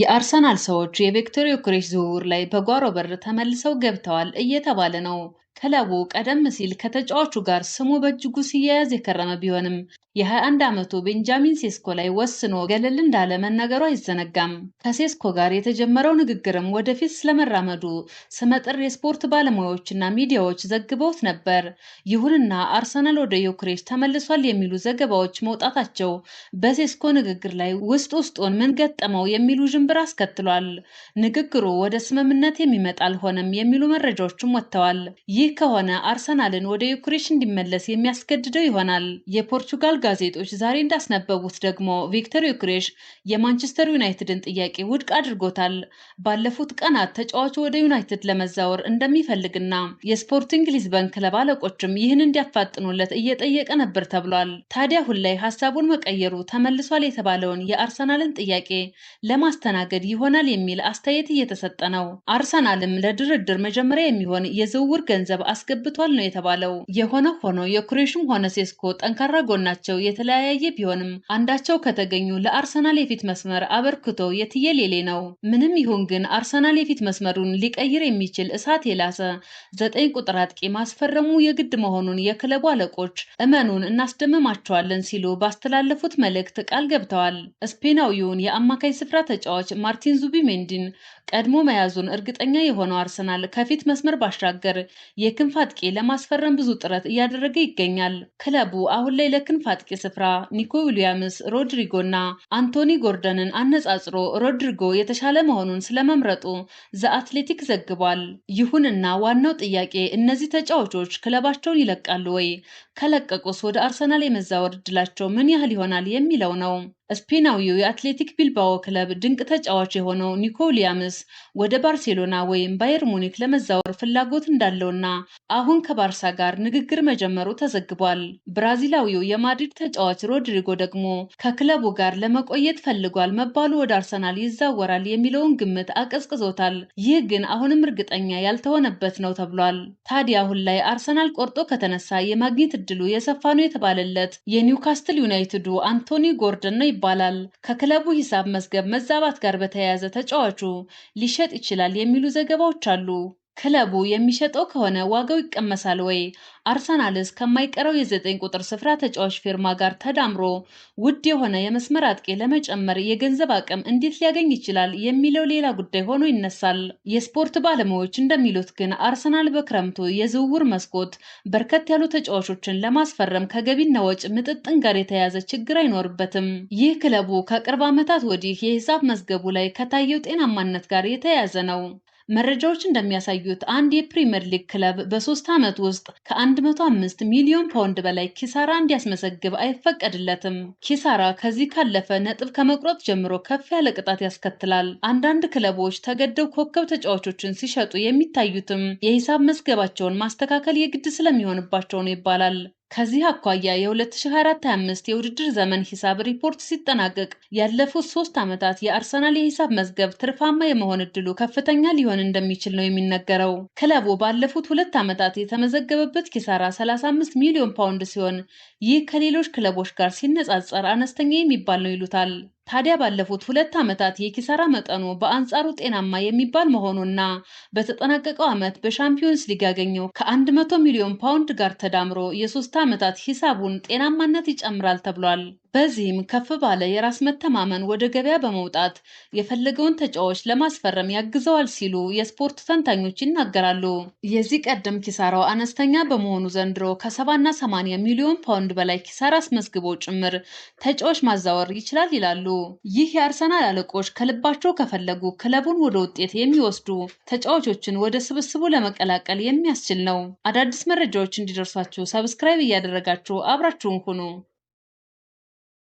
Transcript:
የአርሰናል ሰዎች የቪክቶር ዮኬሬሽ ዝውውር ላይ በጓሮ በር ተመልሰው ገብተዋል እየተባለ ነው። ክለቡ ቀደም ሲል ከተጫዋቹ ጋር ስሙ በእጅጉ ሲያያዝ የከረመ ቢሆንም የ21 ዓመቱ ቤንጃሚን ሴስኮ ላይ ወስኖ ገለል እንዳለ መነገሩ አይዘነጋም። ከሴስኮ ጋር የተጀመረው ንግግርም ወደፊት ስለመራመዱ ስመጥር የስፖርት ባለሙያዎችና ሚዲያዎች ዘግበውት ነበር። ይሁንና አርሰናል ወደ ዩክሬን ተመልሷል የሚሉ ዘገባዎች መውጣታቸው በሴስኮ ንግግር ላይ ውስጥ ውስጡን ምን ገጠመው የሚሉ ዥንብር አስከትሏል። ንግግሩ ወደ ስምምነት የሚመጣ አልሆነም የሚሉ መረጃዎችም ወጥተዋል። ይህ ከሆነ አርሰናልን ወደ ዩክሬን እንዲመለስ የሚያስገድደው ይሆናል። የፖርቹጋል ጋዜጦች ዛሬ እንዳስነበቡት ደግሞ ቪክተር ዩክሬሽ የማንቸስተር ዩናይትድን ጥያቄ ውድቅ አድርጎታል። ባለፉት ቀናት ተጫዋቹ ወደ ዩናይትድ ለመዛወር እንደሚፈልግና የስፖርቲንግ ሊዝበን ክለብ አለቆችም ይህን እንዲያፋጥኑለት እየጠየቀ ነበር ተብሏል። ታዲያ አሁን ላይ ሀሳቡን መቀየሩ ተመልሷል የተባለውን የአርሰናልን ጥያቄ ለማስተናገድ ይሆናል የሚል አስተያየት እየተሰጠ ነው። አርሰናልም ለድርድር መጀመሪያ የሚሆን የዝውውር ገንዘብ አስገብቷል ነው የተባለው። የሆነ ሆኖ የኩሬሽም ሆነ ሴስኮ ጠንካራ ጎናቸው አቅማቸው የተለያየ ቢሆንም አንዳቸው ከተገኙ ለአርሰናል የፊት መስመር አበርክቶ የትየሌሌ ነው። ምንም ይሁን ግን አርሰናል የፊት መስመሩን ሊቀይር የሚችል እሳት የላሰ ዘጠኝ ቁጥር አጥቂ ማስፈረሙ የግድ መሆኑን የክለቡ አለቆች እመኑን እናስደምማቸዋለን ሲሉ ባስተላለፉት መልእክት ቃል ገብተዋል። ስፔናዊውን የአማካይ ስፍራ ተጫዋች ማርቲን ዙቢሜንዲን ቀድሞ መያዙን እርግጠኛ የሆነው አርሰናል ከፊት መስመር ባሻገር የክንፍ አጥቂ ለማስፈረም ብዙ ጥረት እያደረገ ይገኛል። ክለቡ አሁን ላይ ለክንፍ አጥቂ ስፍራ ኒኮ ዊሊያምስ፣ ሮድሪጎ እና አንቶኒ ጎርደንን አነጻጽሮ ሮድሪጎ የተሻለ መሆኑን ስለመምረጡ ዘ አትሌቲክ ዘግቧል። ይሁንና ዋናው ጥያቄ እነዚህ ተጫዋቾች ክለባቸውን ይለቃሉ ወይ? ከለቀቁስ ወደ አርሰናል የመዛወር እድላቸው ምን ያህል ይሆናል የሚለው ነው። ስፔናዊው የአትሌቲክ ቢልባኦ ክለብ ድንቅ ተጫዋች የሆነው ኒኮ ዊሊያምስ ወደ ባርሴሎና ወይም ባየር ሙኒክ ለመዛወር ፍላጎት እንዳለውና አሁን ከባርሳ ጋር ንግግር መጀመሩ ተዘግቧል። ብራዚላዊው የማድሪድ ተጫዋች ሮድሪጎ ደግሞ ከክለቡ ጋር ለመቆየት ፈልጓል መባሉ ወደ አርሰናል ይዛወራል የሚለውን ግምት አቀዝቅዞታል። ይህ ግን አሁንም እርግጠኛ ያልተሆነበት ነው ተብሏል። ታዲያ አሁን ላይ አርሰናል ቆርጦ ከተነሳ የማግኘት እድሉ የሰፋ ነው የተባለለት የኒውካስትል ዩናይትዱ አንቶኒ ጎርደን ነው ይባላል። ከክለቡ ሂሳብ መዝገብ መዛባት ጋር በተያያዘ ተጫዋቹ ሊሸጥ ይችላል የሚሉ ዘገባዎች አሉ። ክለቡ የሚሸጠው ከሆነ ዋጋው ይቀመሳል ወይ? አርሰናልስ ከማይቀረው የዘጠኝ ቁጥር ስፍራ ተጫዋች ፊርማ ጋር ተዳምሮ ውድ የሆነ የመስመር አጥቂ ለመጨመር የገንዘብ አቅም እንዴት ሊያገኝ ይችላል የሚለው ሌላ ጉዳይ ሆኖ ይነሳል። የስፖርት ባለሙያዎች እንደሚሉት ግን አርሰናል በክረምቱ የዝውውር መስኮት በርከት ያሉ ተጫዋቾችን ለማስፈረም ከገቢና ወጪ ምጥጥን ጋር የተያዘ ችግር አይኖርበትም። ይህ ክለቡ ከቅርብ ዓመታት ወዲህ የሂሳብ መዝገቡ ላይ ከታየው ጤናማነት ጋር የተያያዘ ነው። መረጃዎች እንደሚያሳዩት አንድ የፕሪምየር ሊግ ክለብ በሶስት ዓመት ውስጥ ከ105 ሚሊዮን ፓውንድ በላይ ኪሳራ እንዲያስመዘግብ አይፈቀድለትም። ኪሳራ ከዚህ ካለፈ ነጥብ ከመቁረጥ ጀምሮ ከፍ ያለ ቅጣት ያስከትላል። አንዳንድ ክለቦች ተገደው ኮከብ ተጫዋቾችን ሲሸጡ የሚታዩትም የሂሳብ መዝገባቸውን ማስተካከል የግድ ስለሚሆንባቸው ነው ይባላል። ከዚህ አኳያ የ2024/25 የውድድር ዘመን ሂሳብ ሪፖርት ሲጠናቀቅ ያለፉት ሶስት ዓመታት የአርሰናል የሂሳብ መዝገብ ትርፋማ የመሆን እድሉ ከፍተኛ ሊሆን እንደሚችል ነው የሚነገረው። ክለቡ ባለፉት ሁለት ዓመታት የተመዘገበበት ኪሳራ 35 ሚሊዮን ፓውንድ ሲሆን ይህ ከሌሎች ክለቦች ጋር ሲነጻጸር አነስተኛ የሚባል ነው ይሉታል። ታዲያ ባለፉት ሁለት ዓመታት የኪሳራ መጠኑ በአንጻሩ ጤናማ የሚባል መሆኑና በተጠናቀቀው ዓመት በሻምፒዮንስ ሊግ ያገኘው ከ100 ሚሊዮን ፓውንድ ጋር ተዳምሮ የሶስት ዓመታት ሂሳቡን ጤናማነት ይጨምራል ተብሏል። በዚህም ከፍ ባለ የራስ መተማመን ወደ ገበያ በመውጣት የፈለገውን ተጫዋች ለማስፈረም ያግዘዋል ሲሉ የስፖርት ተንታኞች ይናገራሉ። የዚህ ቀደም ኪሳራው አነስተኛ በመሆኑ ዘንድሮ ከሰባና ሰማንያ ሚሊዮን ፓውንድ በላይ ኪሳራ አስመዝግቦ ጭምር ተጫዋች ማዛወር ይችላል ይላሉ። ይህ የአርሰናል አለቆች ከልባቸው ከፈለጉ ክለቡን ወደ ውጤት የሚወስዱ ተጫዋቾችን ወደ ስብስቡ ለመቀላቀል የሚያስችል ነው። አዳዲስ መረጃዎች እንዲደርሷችሁ ሰብስክራይብ እያደረጋችሁ አብራችሁን ሁኑ።